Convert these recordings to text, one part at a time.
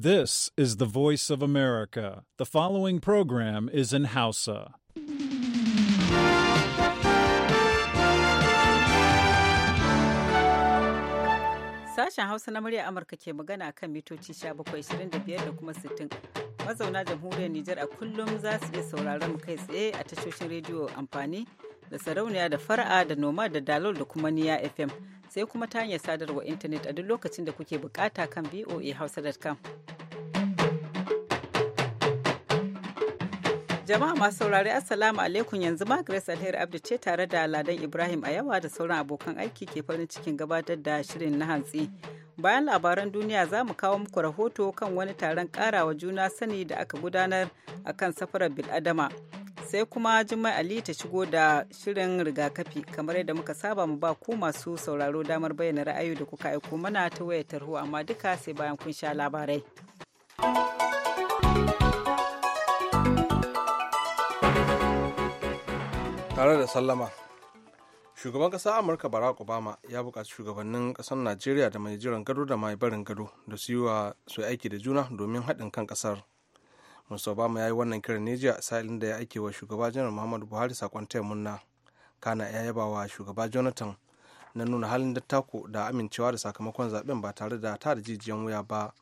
This is the voice of America. The following program is in Hausa. Sashen Hausa na murya Amurka ke magana kan mitoci 1725 da kuma 60. Mazauna jamhuriyar Nijar a kullum za su iya sauraron kai tsaye a tashoshin rediyo amfani da sarauniya da fara'a da noma da dalol da kuma niya fm sai kuma ta hanyar sadarwa intanet a duk lokacin da kuke bukata kan voahausa.com jama'a masu saurari assalamu alaikum yanzu ma grace alheri abdu ce tare da ladan ibrahim a yawa da sauran abokan aiki ke farin cikin gabatar da shirin na hantsi bayan labaran duniya za mu kawo muku rahoto kan wani taron karawa juna sani da aka gudanar a kan safarar biladama sai kuma Jummai Ali ta shigo da shirin rigakafi kamar yadda muka saba mu ba ku masu sauraro damar bayyana ra'ayoyi da kuka aiko mana ta wayar tarho amma duka sai bayan kun sha labarai. Tare da sallama. Shugaban ƙasa Amurka Barack Obama ya bukaci shugabannin ƙasar Najeriya da mai jiran gado da mai barin gado da su yi wa aiki da juna domin haɗin kan ƙasar. musa obama ya yi wannan kiran ne jiya sa'ilin da ya ake wa shugaba janar muhammadu buhari sakon taya munna kana ya yaba wa shugaba jonathan na nuna halin dattako da amincewa da sakamakon zaben ba tare da ta da jijiyan wuya ba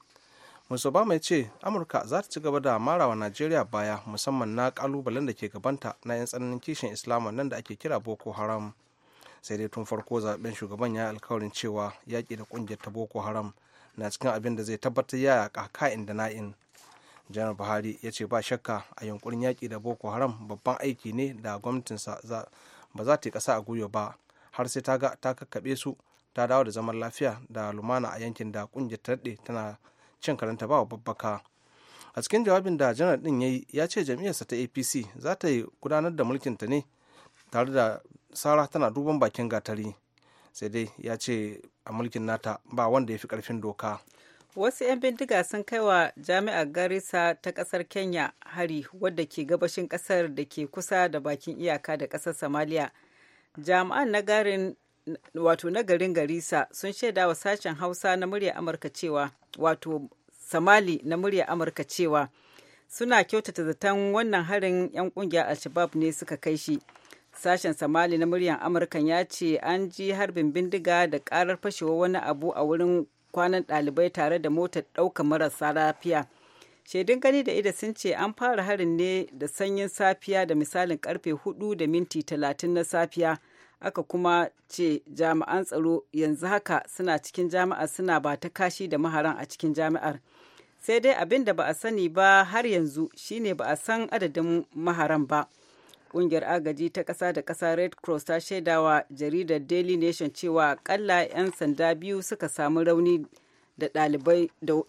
musa obama ya ce amurka za ta ci gaba da marawa najeriya baya musamman na kalubalen da ke gabanta na 'yan tsananin kishin islama nan da ake kira boko haram sai dai tun farko zaben shugaban ya alkawarin cewa yaƙi da ƙungiyar ta boko haram na cikin abin da zai tabbatar ya yaƙa da na'in janar buhari ya ce ba shakka a yunkurin yaƙi da boko haram babban aiki ne da gwamnatinsa ba za ta yi ƙasa a gwiwa ba har sai ta ga ta kakkaɓe su ta dawo da zaman lafiya da lumana a yankin da ƙungiyar ta daɗe tana cin karanta ba wa babbaka a cikin jawabin da janar din ya yi ya ce jam'iyyarsa ta apc za ta yi gudanar da mulkin ta ne tare da sara tana duban bakin gatari sai dai ya ce a mulkin nata ba wanda ya fi ƙarfin doka Wasu 'yan bindiga sun kai wa jami'ar Garissa ta ƙasar Kenya hari wadda ke gabashin ƙasar da ke kusa da bakin iyaka da ƙasar Somalia. Jami'an na garin wato Garissa sun shaida wa sashen Hausa na murya Amurka cewa wato Somali na murya Amurka cewa suna kyautata zaton wannan harin 'yan kungiyar Alshabab ne suka kai shi. Sashen Somali na muryar amurkan ya ce an ji harbin bindiga da karar fashewa wani abu a wurin kwanan ɗalibai tare da motar ɗaukar marasa lafiya shaidun gani da ida sun ce an fara harin ne da sanyin safiya da misalin karfe hudu da minti talatin na safiya aka kuma ce jami'an tsaro yanzu haka suna cikin jami'a suna ba ta kashi da maharan a cikin jami'ar sai dai abin da ba a sani ba har yanzu shine ba a san adadin maharan ba. Ƙungiyar agaji ta ƙasa da ƙasa Red Cross ta shaidawa jaridar Daily Nation cewa ƙalla 'yan sanda biyu suka samu rauni da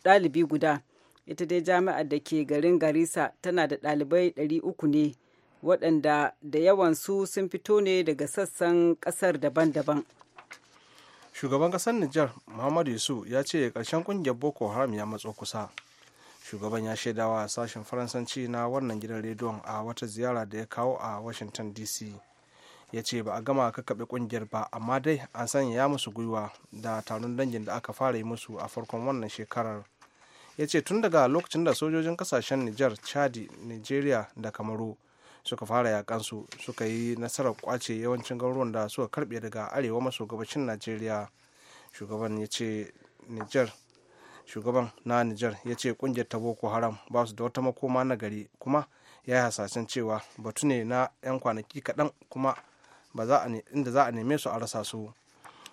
ɗalibi guda. Ita dai jami'ar da ke garin Garissa tana da ɗalibai 300 ne, waɗanda da yawansu sun fito ne daga sassan ƙasar daban-daban. Shugaban ƙasar Nijar Muhammadu Yusuf ya ce ƙarshen ƙungiyar Boko Haram ya matso kusa. shugaban ya shaidawa sashen faransanci na wannan gidan rediyon a wata ziyara da ya kawo a washington dc ya ce ba a gama kakkaɓe ƙungiyar ba amma dai an sanya ya musu gwiwa da taron dangin da aka fara yi musu a farkon wannan shekarar ya ce tun daga lokacin da sojojin kasashen niger chadi nigeria da kamaru suka fara yakansu suka yi nasarar kwace yawancin garuruwan da suka karbe daga arewa maso gabashin nigeria shugaban ya ce niger shugaban na nijar ya ce kungiyar ta boko haram ba su da wata makoma na gari kuma ya yi hasashen cewa batu ne na 'yan kwanaki kaɗan kuma inda za a neme su a rasa su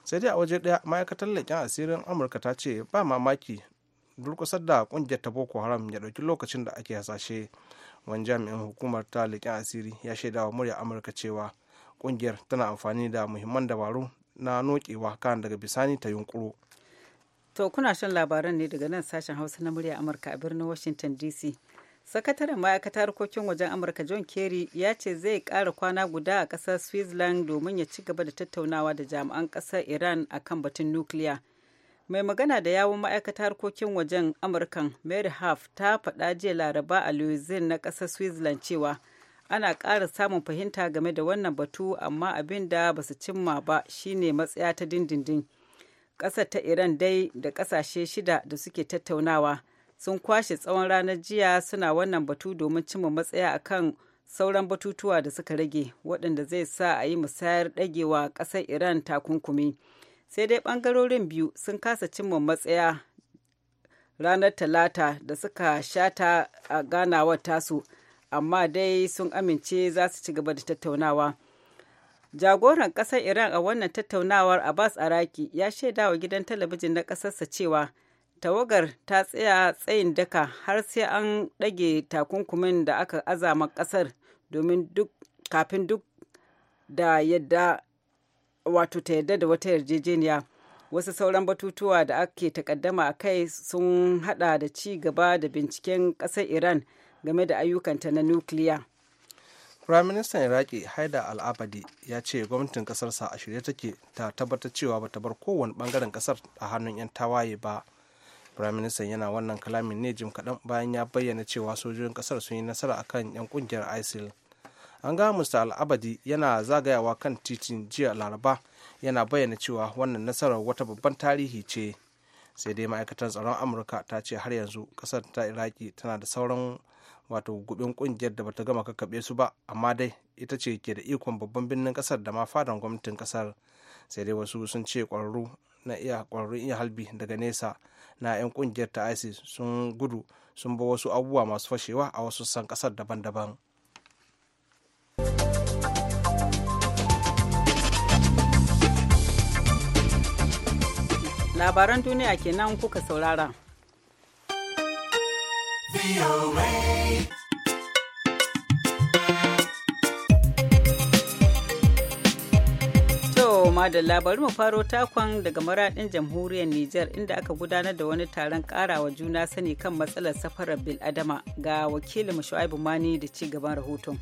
sai dai a waje ɗaya ma'aikatar leƙen asirin amurka ta ce ba mamaki durkusar da kungiyar ta boko haram ya ɗauki lokacin da ake hasashe wani jami'in hukumar ta leƙen asiri ya shaida wa murya amurka cewa kungiyar tana amfani da muhimman dabaru na nokewa kan daga bisani ta yunkuro To kuna shan labaran ne daga nan sashen Hausa na murya Amurka a birnin Washington DC. Sakataren ma'aikata harkokin wajen Amurka John Kerry ya ce zai ƙara kwana guda a ƙasar Switzerland domin ya ci gaba da tattaunawa da jami'an ƙasar Iran a kan batun nukiliya. Mai magana da yawun ma'aikata harkokin wajen Amurkan Mary Huff ta faɗa jiya Laraba a Louisville na ƙasar Switzerland cewa ana ƙara samun fahimta game da wannan batu amma abin da ba su cimma ba shine matsaya ta dindindin. ƙasar ta iran dai da ƙasashe shida da suke tattaunawa sun kwashe tsawon ranar jiya suna wannan batu domin cimma matsaya a kan sauran batutuwa da suka rage waɗanda zai sa a yi musayar ɗagewa ƙasar iran takunkumi sai dai ɓangarorin biyu sun kasa cimma matsaya ranar talata da suka shata a ganawar tasu amma dai sun amince za su ci gaba da tattaunawa jagoran ƙasar iran a wannan tattaunawar abbas araki ya shaida wa gidan talabijin na ƙasarsa cewa tawagar ta tsaya tsayin daka har sai an ɗage takunkumin da aka azama ƙasar domin duk kafin duk da yadda wato ta yadda da wata yarjejeniya wasu sauran batutuwa da ake takaddama a kai sun hada da ci gaba da binciken ƙasar iran game da ayyukanta na nukiliya. firaministan iraki haida al'abadi ya ce gwamnatin kasarsa a shirye take ta tabbatar cewa bata bar kowane bangaren kasar a hannun 'yan tawaye ba minister yana wannan kalamin ne jim kaɗan bayan ya bayyana cewa sojojin kasar sun yi nasara akan 'yan kungiyar isil an ga mr al'abadi yana zagayawa kan titin jiya laraba yana bayyana cewa wannan nasarar wata babban tarihi ce sai dai ma'aikatar tsaron amurka ta ce har yanzu kasar ta iraki tana da sauran wato gubin kungiyar da bata gama kakkaɓe su ba amma dai ita ce ke da ikon babban birnin kasar da ma fadan gwamnatin kasar sai dai wasu sun ce kwararru na iya kwararru iya halbi daga nesa na 'yan kungiyar ta isis sun gudu sun ba wasu abubuwa masu fashewa a wasu san kasar daban-daban labaran duniya kenan kuka saurara madalla bari mu faro takon daga maradin jamhuriyar Nijar inda aka gudanar da wani taron karawa juna sani kan matsalar safarar biladama ga wakilin Shu'aibu Mani da ci gaban rahoton.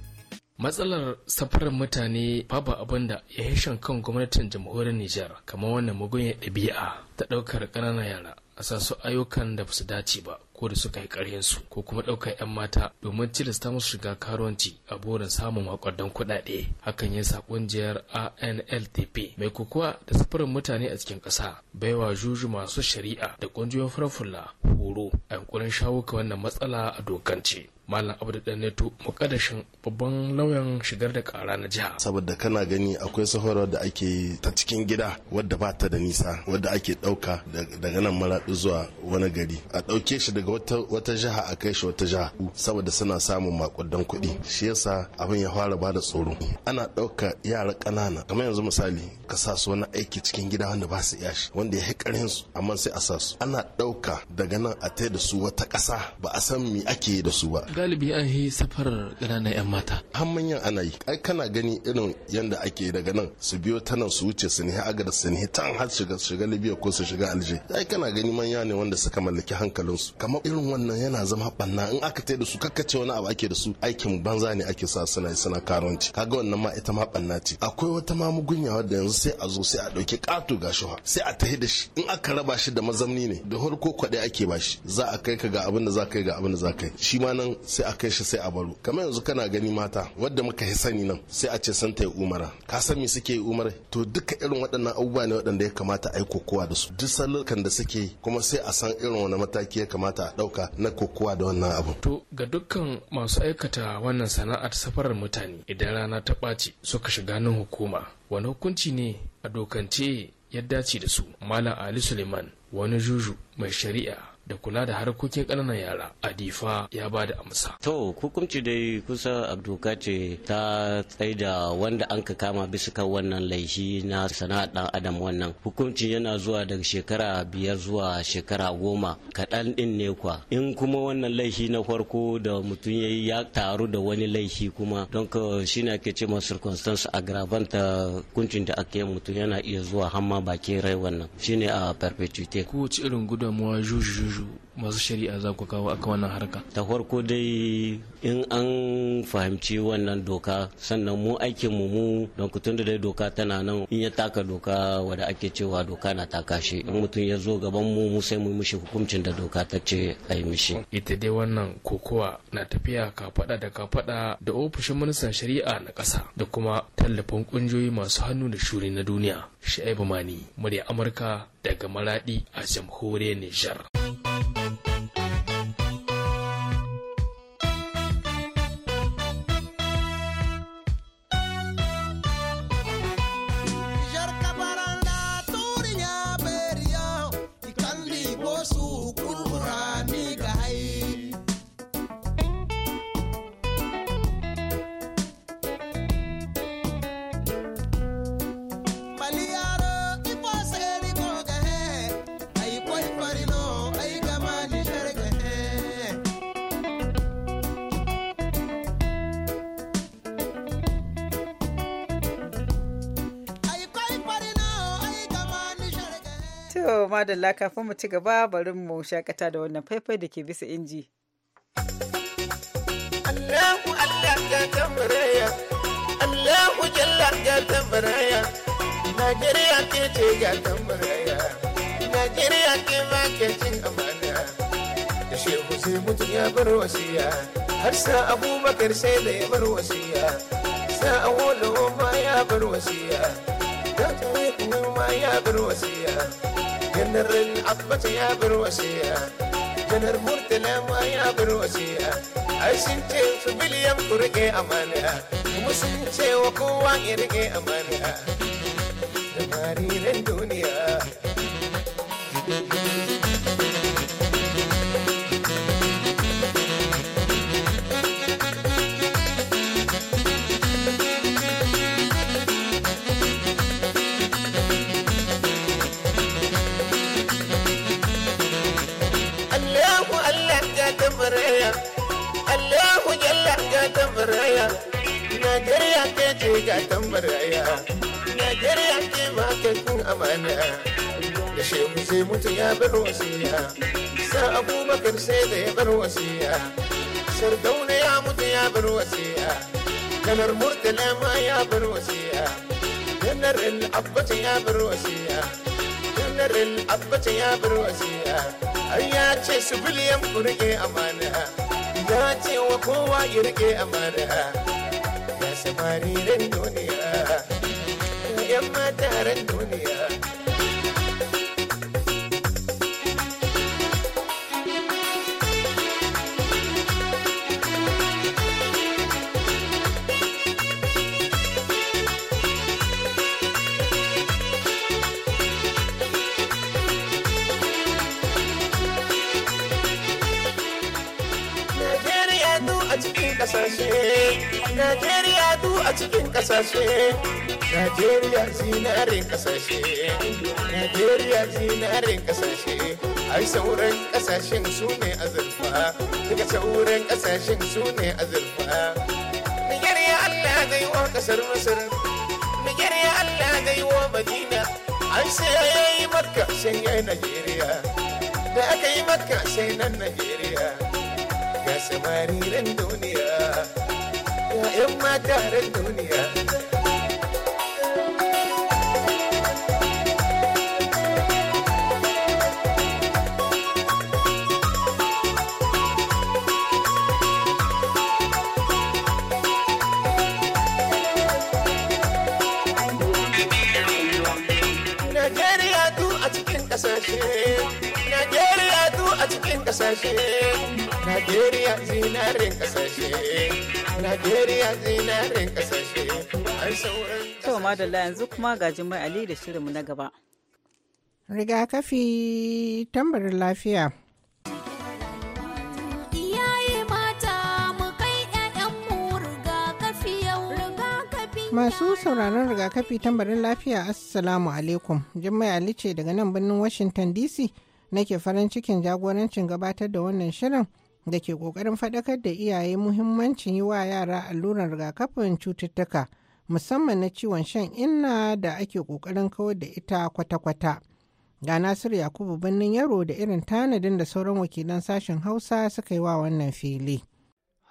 matsalar safarar mutane babu abin da ya hishan kan gwamnatin jamhuriyar Nijar kamar wannan ya ɗabi'a ta ɗaukar ƙananan yara a sa su ayyukan da ba su dace ba ko da suka yi su ko kuma ɗaukar 'yan mata domin tilasta musu shiga karuwanci a burin samun makwadon kuɗaɗe hakan ya sa ƙungiyar anltp mai kokowa da safarin mutane a cikin ƙasa baiwa juju masu shari'a da ƙungiyoyin farfulla horo a yankunan shawo ka wannan matsala a dokance malam abu da neto mukaddashin babban lauyan shigar da kara na jiha saboda kana gani akwai safarar da ake ta cikin gida wadda ba ta da nisa wadda ake dauka daga nan maraɗi zuwa wani gari a dauke shi daga wata jiha a kai shi wata jiha saboda suna samun makudan kuɗi shi yasa abin ya fara bada tsoro ana dauka yara ƙanana kamar yanzu misali ka sa su wani aiki cikin gida wanda ba su iya shi wanda ya hikarin su amma sai a sa su ana dauka daga nan a tai da su wata ƙasa ba a san me ake da su ba galibi an yi safarar ƙananan 'yan mata har manyan ana yi ai kana gani irin yadda ake daga nan su biyo ta nan su wuce su nihi agar su nihi tan har shiga shiga libya ko su shiga alje ai kana gani manya ne wanda suka mallaki hankalinsu kamar irin wannan yana zama banna in aka tai da su kakkace wani abu ake da su aikin banza ne ake sa suna suna karuwanci kaga wannan ma ita ma banna ce akwai wata ma mugunya wadda yanzu sai a zo sai a ɗauki ƙato ga shuha sai a tahi da shi in aka raba shi da mazamni ne da harko kwaɗe ake ba shi za a kai ka ga abin da za kai ga abin da za kai shi ma nan sai a kai shi sai a baro kamar yanzu kana gani mata wadda muka yi sani nan sai a ce san ta yi umara ka san me suke yi umara to duka irin waɗannan abubuwa ne waɗanda ya kamata a yi kokowa da su duk sallukan da suke yi kuma sai a san irin wani mataki ya kamata a ɗauka na kokowa da wannan abu. to ga dukkan masu aikata wannan sana'ar safarar mutane idan rana ta ɓaci suka shiga nan hukuma wani hukunci ne a dokance ya dace da su malam ali suleiman wani juju mai shari'a da kula da harkokin ƙananan yara adifa ya ba da amsa to hukunci dai kusa abduka ce ta tsaida wanda an ka kama bisa kan wannan laifi na sana'a dan adam wannan hukunci yana zuwa daga shekara biyar zuwa shekara goma kaɗan ɗin ne kwa in kuma wannan laifi na farko da mutum ya ya taru da wani laifi kuma don ka shi ne ake ce masu circumstance aggravant hukuncin da ake mutum yana iya zuwa hamma bakin rai wannan shine a perpetuity kowace irin gudunmawa juju masu shari'a za ku kawo aka wannan harka ta farko dai in an fahimci wannan doka sannan mu aikin mu don ku da dai doka tana nan in ya taka doka wadda ake cewa doka na taka shi in mutum ya zo gaban mu mu sai mu mishi hukuncin da doka ta ce a yi mishi ita dai wannan kokowa na tafiya ka faɗa da ka faɗa da ofishin ministan shari'a na ƙasa da kuma tallafin ƙungiyoyi masu hannu da shuri na duniya shaibu mani murya amurka daga maradi a jamhuriyar nijar madalla kafin mu ci gaba bari mu shakata da wannan faifai da ke bisa inji. Allahu Allah ka tambaraya, Allahu Jalla ka tambaraya, Najeriya ke ce ga tambaraya, Najeriya ke ma ke cin amana. Da shehu sai mutum ya bar wasiya, har sa abubakar sai da ya bar wasiya, sa awolo ma ya bar wasiya, da ta yi ma ya bar wasiya. janar abbas ya bar wasiya janar murtala ya bar wasiya ai sun su biliyan ku rike amana kuma sun ce wa kowa ya rike amana da marinan duniya Najeriya ke ce ga tambaraya Najeriya ke makakin amana da shehu sai mutu ya bar wasiya sa abubakar sai da ya bar wasiya sardauna ya mutu ya bar wasiya kanar murtala ma ya bar wasiya kanar al'abbata ya bar wasiya kanar al'abbata ya bar wasiya ai ya ce su biliyan ku rike amana ya ce wa kowa ya rike amana samariren duniya yan mataren duniya Najeriya du a cikin kasashe Najeriya a cikin kasashe Najeriya zinarin kasashe Najeriya zinarin kasashe ai sauran kasashen su ne azurfa daga sauran kasashen su ne azurfa Niger ya Allah zai wa kasar Masar Niger ya Allah zai wa Madina ai sai yayi Makka sai yayi Najeriya da aka yi Makka sai nan Najeriya ga samariran duniya 'yan mata ran duniya. Najeriya du a cikin ƙasashe, Najeriya du a cikin ƙasashe. Najeriya zinarin kasashe, Najeriya zinarin kasashe, ai sauran. To madalla yanzu kuma ga Jimai Ali da shirinmu na gaba. Rigakafi tambarin lafiya. Masu sauraron rigakafi tambarin lafiya Assalamu alaikum. Jummai Ali ce daga nan birnin Washington DC nake farin cikin jagorancin gabatar da wannan shirin da ke ƙoƙarin faɗakar da iyaye muhimmancin yi wa yara allurar rigakafin cututtuka musamman na ciwon shan inna da ake ƙoƙarin kawar da ita kwata-kwata. Ga Nasiru Yakubu birnin Yaro da irin tanadin da sauran wakilan sashen Hausa suka yi wa wannan fili.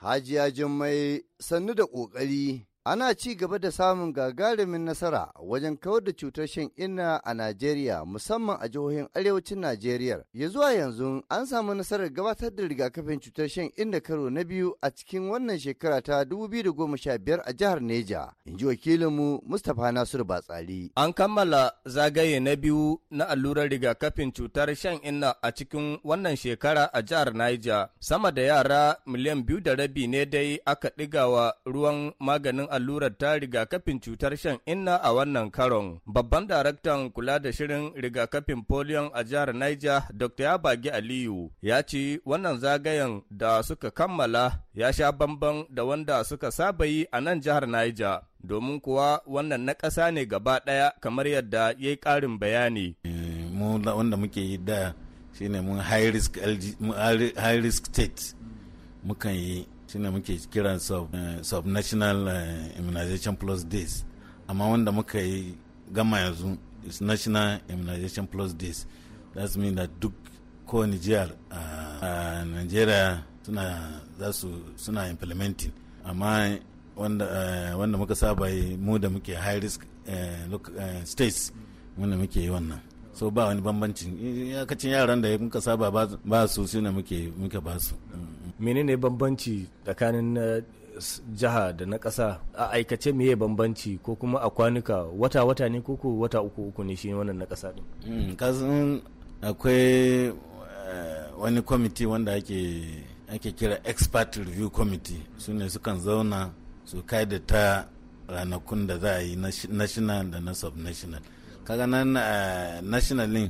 Hajiya Jummai sannu da ƙoƙari Ana ci gaba da samun gagarumin nasara wajen kawar da cutar shan inna a Najeriya musamman a jihohin arewacin Najeriya. Ya zuwa yanzu an samu nasarar gabatar da rigakafin cutar shan inna karo na biyu a cikin wannan shekara ta 2015 a jihar Neja. In ji wakilinmu Mustapha Nasiru Batsali. An kammala zagaye na biyu na allurar rigakafin cutar shan inna a cikin wannan shekara a jihar Niger. Sama da yara miliyan biyu da rabi ne dai aka ɗigawa ruwan maganin allurar ta rigakafin cutar shan inna a wannan karon. Babban daraktan kula da shirin rigakafin polio a jihar Niger, Dr. Yabagi Aliyu, ya ce wannan zagayen da suka kammala ya sha bamban da wanda suka saba yi a nan jihar Niger. Domin kuwa wannan na ƙasa ne gaba ɗaya kamar yadda ya yi ƙarin bayani. Eh, mu wanda muke yi da shine mun high risk state mukan yi shine muke kiran eh, national eh, immunization plus days amma wanda muka yi gama yanzu is national immunization plus days that's mean that duk ko nijiyar a ah, ah, nigeria suna za su suna implementing amma wanda, eh, wanda muka saba yi mu da muke high risk states wanda muke yi wannan so ba wani bambancin yakacin yaran da muka saba ba su shi suna muke ba su mm. menene bambanci tsakanin na jiha da na ƙasa a aikace meye bambanci ko kuma a kwanuka wata-wata ne ko wata uku uku ne shi wannan na ƙasa din mm, kasan akwai eh, wani kwamiti wanda ake kira expert review committee su ne sukan zauna su kai da ta ranakun da za a yi national da na subnational kaga nan eh, national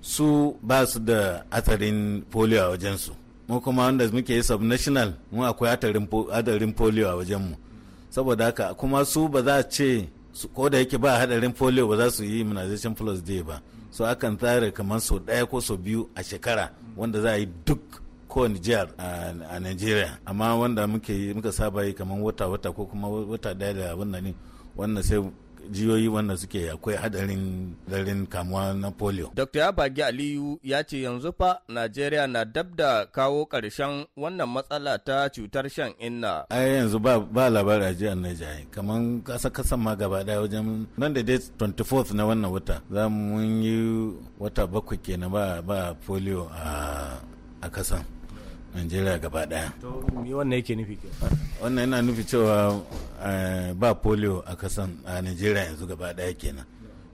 su ba su da hatsarin polio a wajensu mu kuma wanda muke yi subnational mu akwai hadarin polio a mu saboda haka kuma su ba za a ce ko da yake ba hadarin polio ba za su yi immunization plus day ba so akan tsara kamar sau daya ko sau biyu a shekara wanda za a yi duk ko jihar a nigeria amma wanda muka saba yi kamar wata-wata ko kuma wata daya da wannan ne wannan sai jiyoyi wanda suke akwai hadarin darin kamuwa na polio. Dr. Yabagi Aliyu ya ce yanzu fa Najeriya na dab da kawo ƙarshen wannan matsala ta cutar shan inna. Ai yanzu ba ba labarin a jihar kamar kasa kasan ma gaba daya wajen nan da dai 24th na wannan wata za mu yi wata bakwai kenan ba ba polio a kasan. najeriya gaba daya wannan yake nufi wannan yana nufi cewa eh, ba polio a kasan a najeriya yanzu gaba daya kenan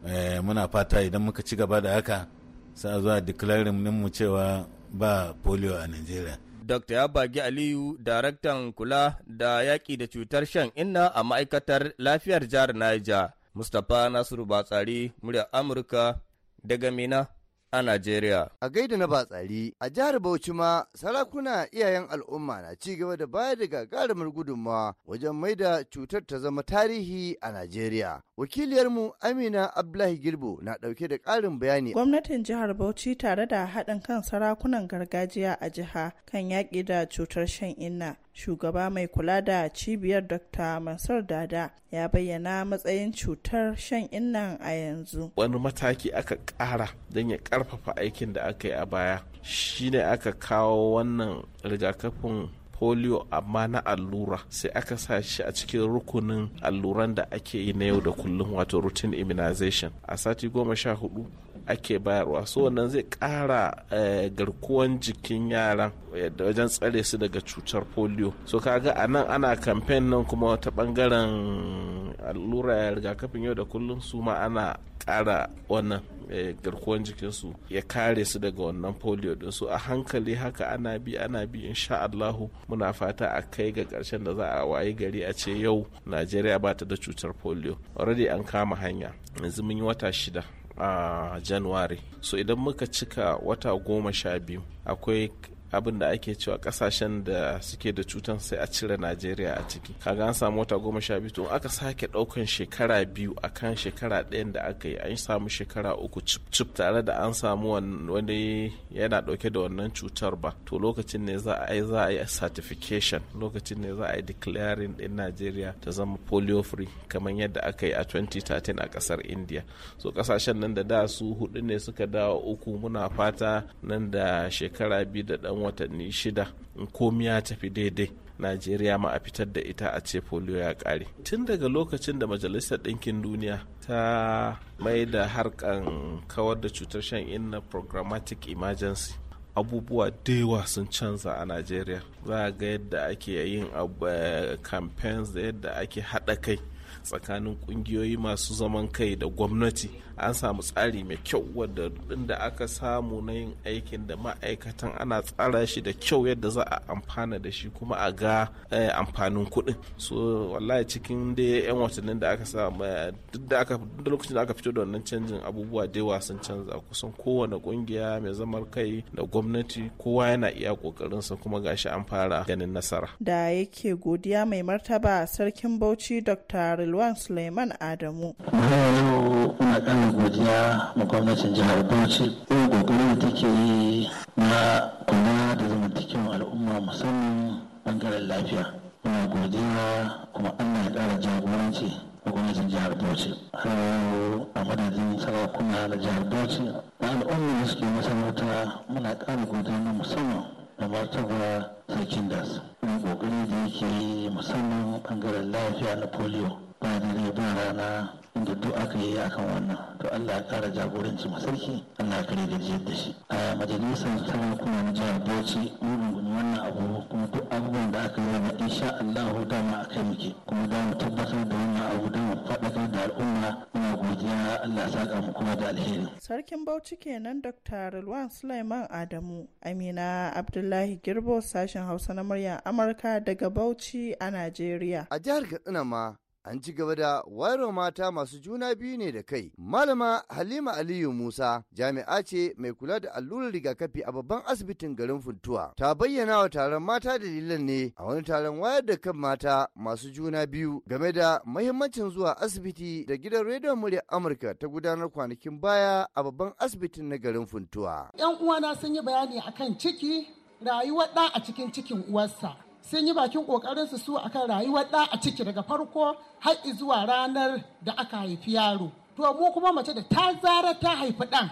eh, muna fata idan muka ci gaba da haka sa zuwa declaring mu cewa ba polio a najeriya Dr. Yabagi Aliyu, daraktan kula da yaƙi da cutar shan inna a ma'aikatar lafiyar jihar Niger, Mustapha Nasiru Batsari, muryar Amurka daga Mina a Najeriya. A gaida na batsari, a jihar Bauchi ma sarakuna iyayen al'umma na ci gaba da bayar da gagarumar gudunmawa wajen maida cutar ta zama tarihi a Najeriya. Wakiliyarmu Amina Abdullahi Girbo na dauke da ƙarin bayani. Gwamnatin jihar Bauchi tare da haɗin kan sarakunan gargajiya a jiha kan yaƙi da cutar shan inna shugaba mai kula da cibiyar dr mansur dada ya bayyana matsayin cutar shan innan a yanzu wani mataki aka kara don ya karfafa aikin da aka yi a baya shine aka kawo wannan rigakafin polio amma na allura sai aka sa shi a cikin rukunin alluran da ake yi na yau da kullum wato routine immunization a sati goma sha hudu ake bayarwa so wannan zai ƙara eh, garkuwan jikin yaran wajen tsare su daga cutar polio so kaga a nan ana kamfen nan kuma ta bangaren allura rigakafin yau da kullum su ma ana ƙara wannan eh, garkuwan jikinsu ya kare su daga wannan polio din su a hankali haka ana bi ana bi insha Allahu muna fata a kai ga karshen da za a wayi gari a ce yau Najeriya ba ta da cutar polio already an kama hanya yanzu mun yi wata shida a januwari so idan muka cika wata goma sha biyu akwai abin da ake cewa kasashen da suke da cutan sai a cire najeriya a ciki kaga an samu wata goma sha biyu aka sake daukan shekara biyu akan shekara ɗayan da aka yi an samu shekara uku cip tare da an samu wani yana dauke da wannan cutar ba to lokacin ne za a yi za a yi certification lokacin ne za a yi declaring din najeriya ta zama polio free kamar yadda aka yi a 2013 a kasar india so kasashen nan da da su hudu ne suka dawo uku muna fata nan da shekara biyu da dan watanni shida in komi ya tafi daidai najeriya ma a fitar da ita a ce polio ya kare tun daga lokacin da majalisar ɗinkin duniya ta mai da harkan kawar da cutar shan inna programmatic emergency abubuwa da yawa sun canza a najeriya za a ga yadda ake yin eh, campaigns da yadda ake haɗa kai tsakanin kungiyoyi masu zaman kai da gwamnati an samu tsari mai kyau wadda da aka samu na yin aikin da ma'aikatan ana tsara shi da kyau yadda za a amfana da shi kuma a ga eh, amfanin kuɗin so wallahi cikin da yan watannin da aka samu eh, duk da aka duk lokacin da aka fito da wannan canjin abubuwa da yawa sun canza kusan kowane kungiya mai zaman kai da gwamnati kowa yana iya kokarin sa kuma gashi an fara ganin nasara da yake godiya mai martaba sarkin bauchi dr Rilwan Suleiman Adamu. yau muna ƙarin godiya ma gwamnatin jihar Bauchi. Yau gogonin da take yi na kula da zamantakewan al'umma musamman bangaren lafiya. Muna godiya kuma Allah ya ƙara jagoranci a gwamnatin jihar Bauchi. Har a madadin sarakuna na jihar Bauchi da al'ummar da suke masarauta muna kara godiya na musamman da martaba sarkin das. Wani ƙoƙari da yake yi musamman bangaren lafiya na polio. ba dare ba rana inda duk aka yi a kan wannan to Allah ya kara jagoranci ma masarki Allah ya kare gajiyar da shi a majalisar kuma na jihar Bauchi mun rungumi wannan abu kuma duk abubuwan da aka yi na insha Allah dama aka yi muke kuma za mu tabbatar da wannan abu don mu faɗakar da al'umma muna godiya Allah ya saka mu kuma da alheri sarkin Bauchi kenan Dr. Rilwan Sulaiman Adamu Amina Abdullahi Girbo sashen Hausa na murya Amurka daga Bauchi a Najeriya a jihar Katsina ma an ci gaba da wayarwa mata masu juna biyu ne da kai. Malama Halima Aliyu Musa jami'a ce mai kula da allurar rigakafi a babban asibitin garin Funtuwa. Ta bayyana wa taron mata dalilan ne a wani taron wayar da kan mata masu juna biyu game da mahimmancin zuwa asibiti da gidan rediyon murya Amurka ta gudanar kwanakin baya a babban asibitin na garin Funtuwa. 'Yan uwana sun yi bayani akan ciki rayuwar ɗa a cikin cikin uwarsa. sun yi bakin kokarin su su akan rayuwar da a ciki daga farko har zuwa ranar da aka haifi yaro to mu kuma mace da ta zara ta haifi dan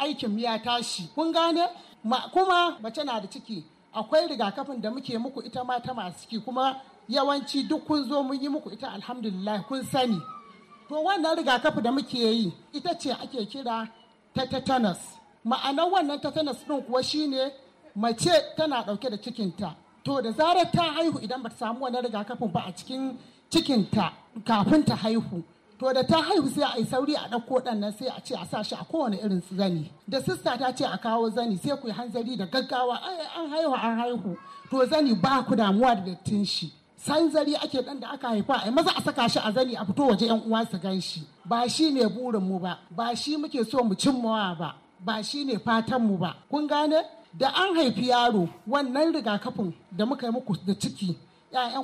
aikin ya tashi kun gane kuma mace na da ciki akwai rigakafin da muke muku ita ma ta masu ciki kuma yawanci duk kun zo mun yi muku ita alhamdulillah kun sani to wannan rigakafi da muke yi ita ce ake kira ta tetanus ma'anar wannan tetanus din kuwa shine mace tana dauke da cikinta to da zarar ta haihu idan ba ta samu wani rigakafin ba a cikin cikinta kafin ta haihu to da ta haihu sai a yi sauri a ɗauko ɗan nan sai a ce a sa shi a kowane irin zani da sista ta ce a kawo zani sai ku yi hanzari da gaggawa an haihu an haihu to zani ba ku damuwa da dattin shi san zari ake ɗan da aka haifa a maza a saka shi a zani a fito waje yan uwa su gan shi ba shi ne burin mu ba ba shi muke so mu cimmawa ba ba shi ne fatan mu ba kun gane da an haifi yaro wannan rigakafin da muka yi muku da ciki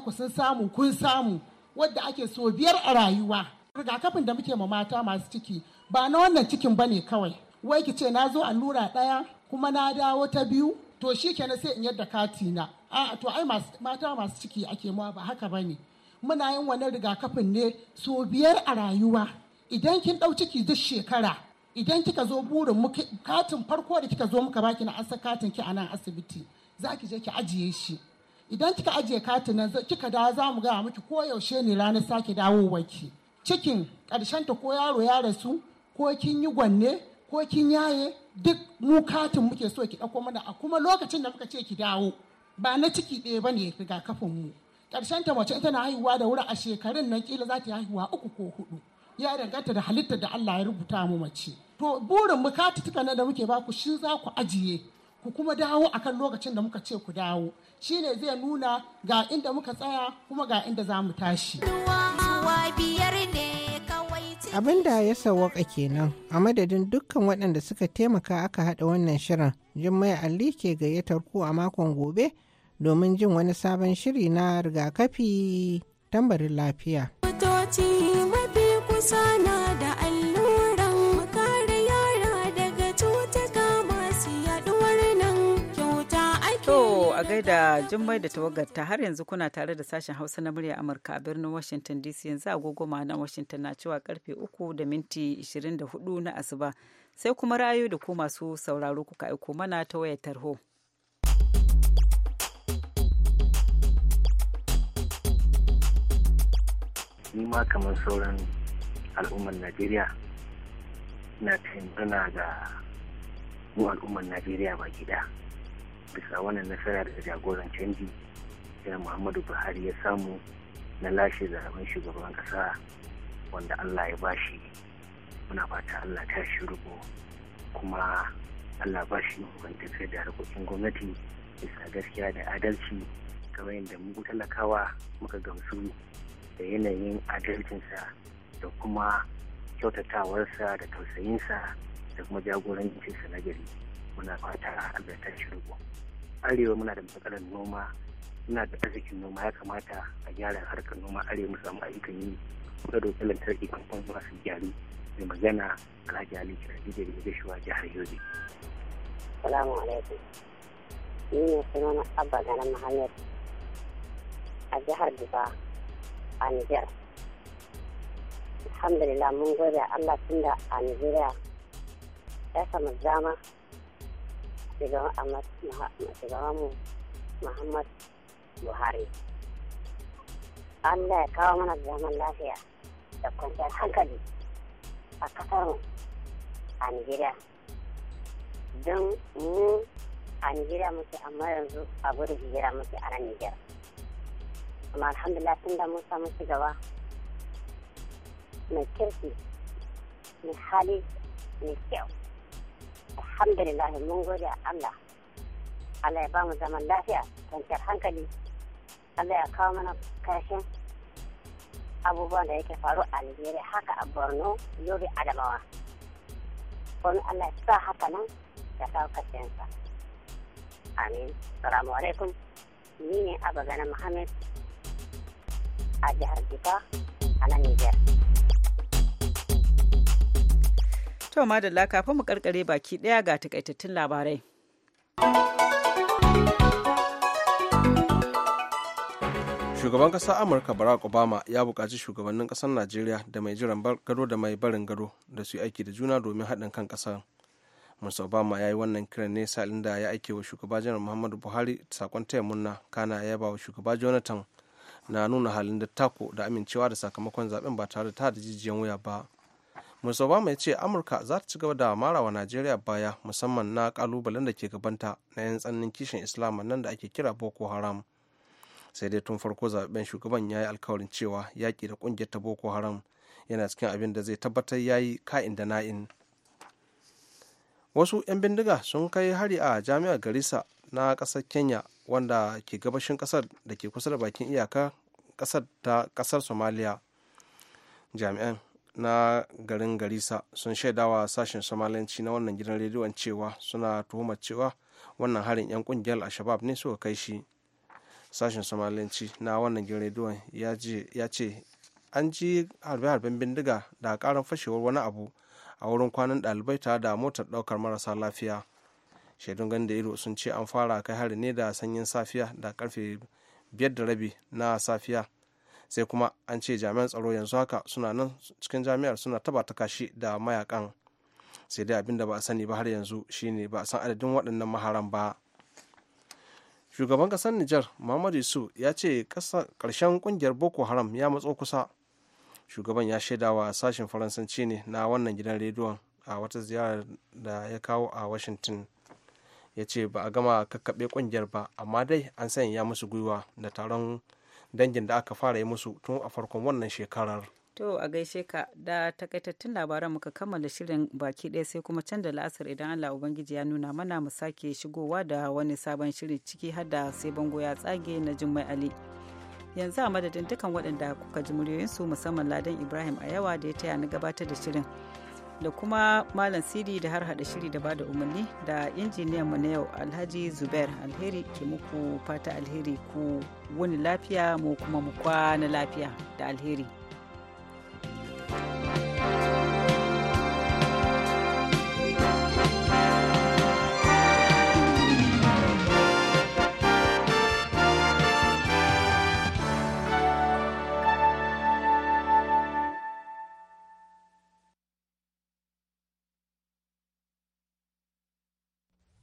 ku sun samu kun samu wadda ake so biyar a rayuwa rigakafin da muke ma mata masu ciki ba na wannan cikin bane kawai wai ki ce na zo allura ɗaya kuma na dawo ta biyu to shi kenan sai in yadda kati na a to ai mata masu ciki ake ma ba haka ba ne muna yin wannan rigakafin ne so biyar a rayuwa idan kin ɗau ciki duk shekara idan kika zo burin katin farko da kika zo muka baki na asa katin ki a nan asibiti za ki je ki ajiye shi idan kika ajiye katin nan kika da za mu gaya miki ko yaushe ne ranar dawo waki cikin karshen ta ko yaro ya rasu ko kin yi gwanne ko kin yaye duk mu katin muke so ki ɗauko mana a kuma lokacin da muka ce ki dawo ba na ciki ɗaya ba ne rigakafin mu karshen ta mace tana haihuwa da wuri a shekarun nan kila za ta haihuwa uku ko hudu ya danganta da halitta da Allah ya rubuta mu mace to burin mu katutukan nan da muke ba ku shi za ku ajiye ku kuma dawo akan lokacin da muka ce ku dawo shi ne zai nuna ga inda muka tsaya kuma ga inda za mu tashi abin da ya sawaka kenan a madadin dukkan waɗanda suka taimaka aka haɗa wannan shirin jummai alli ke gayyatar ku a makon gobe domin jin wani sabon shiri na rigakafi tambarin lafiya. da Jummai da ta har yanzu kuna tare da sashen Hausa na murya Amurka a birnin Washington DC yanzu agogo na Washington na cewa karfe 3 da minti 24 na asuba sai kuma rayu da ku masu sauraro kuka aiko mana ta wayar tarho. Ni ma kamar sauran al'ummar Najeriya na taimakana da mu al'ummar Najeriya ba gida. bisa wannan nasara da jagoran canji da muhammadu buhari ya samu na lashe zaben shugaban kasa wanda allah ya bashi muna fata allah ta shi rubo kuma allah bashi tafiyar da harkokin gwamnati bisa gaskiya da adalci kamar yadda mu talakawa muka gamsu da yanayin adalcinsa da kuma kyautatawarsa da tausayinsa da kuma jagorancinsa na gari muna fata Allah ta arewa muna da matsalar noma muna da arzikin noma ya kamata a gyara harkar noma arewa mu samu ayyukan yi kuma da wutar lantarki kamfan zuwa su gyaru mai magana alhaji ali kirki da rage shuwa jihar yobe. salamu alaikum ni ne sunan abba ganin muhammed a jihar duba a niger alhamdulillah mun gode allah tunda da a nigeria ya samu dama shugabanmu muhammad buhari allah ya kawo mana zaman lafiya da kwanciyar hankali a kasarmu a nigeria don mu a nigeria muke amma yanzu a gudun hijira muke a nan nigeria amma alhamdulillah tun da mun samu shugaba mai kirki mai hali mai kyau alhamdulillah mun gode Allah Allah ya ba mu zaman lafiya kwanciyar hankali Allah ya kawo mana kashin abubuwan da yake faru a Nigeria haka a Borno Yobe Adamawa Borno Allah ya sa haka nan ya kawo karshensa amin salamu alaikum ni ne gana Muhammad a jihar Jifa a nan Nigeria To da kafin mu karkare baki daya ga takaitattun labarai. Shugaban ƙasar Amurka Barack Obama ya buƙaci shugabannin ƙasar Najeriya da mai jiran gado da mai barin gado da su yi aiki da juna domin haɗin kan ƙasar. Musa Obama ya yi wannan kiran ne sa'in da ya aike wa shugaba janar Muhammadu Buhari saƙon taya murna kana ya ba wa shugaba Jonathan na nuna halin da tako da amincewa da sakamakon zaben ba tare da ta da jijiyan wuya ba. Mr. Obama ya ce Amurka za ta ci gaba da wa Najeriya baya musamman na kalubalen da ke gabanta na 'yan tsannin kishin Islam nan da ake kira Boko Haram. Sai dai tun farko zaben shugaban ya yi alkawarin cewa yaƙi da ƙungiyar ta Boko Haram yana cikin abin da zai tabbatar ya yi ka'in da na'in. Wasu 'yan bindiga sun kai hari a jami'ar Garissa na ƙasar Kenya wanda ke gabashin ƙasar da ke kusa da bakin iyaka ƙasar ta ƙasar somaliya Jami'an na garin garisa sun shaidawa sashen somalanci na wannan gidan rediyon cewa suna tuhumar cewa wannan harin 'yan kungiyar al-shabab ne suka kai shi sashen somalanci na wannan gidan rediyon ya ce an ji harbe-harben bindiga da karan fashewar wani abu a wurin kwanan dalibai tare da motar daukar marasa lafiya shaidun ganin da ido sun ce an fara kai hari ne da sanyin safiya da karfe biyar da rabi na safiya sai kuma an ce jami'an tsaro yanzu haka suna nan cikin jami'ar suna taba ta kashi da mayakan sai dai abin da ba a sani ba har yanzu shine ba a san adadin waɗannan maharan ba shugaban ƙasar nijar muhammadu yusuf ya ce ƙarshen ƙungiyar boko haram ya matso kusa shugaban ya shaidawa sashen faransanci ne na wannan gidan rediyon a wata ziyarar da ya kawo a washington ya ce ba a gama kakkaɓe ƙungiyar ba amma dai an sanya musu gwiwa da taron dangin da aka fara yi musu tun a farkon wannan shekarar to a gaishe ka da takaitattun labaran muka kammala shirin baki ɗaya sai kuma can da la'asar idan allah ubangiji ya nuna mana mu sake shigowa da wani sabon shiri ciki har da sai bango ya tsage na jummai ali yanzu a madadin dukkan waɗanda kuka ji muryoyinsu musamman ladan ibrahim a yawa da ya taya na gabatar da shirin da kuma malam sidi da har hada shiri da bada umarni da injiniyan mu na yau alhaji zubair alheri ke muku fata alheri ku wuni lafiya mu kuma mu kwana lafiya da alheri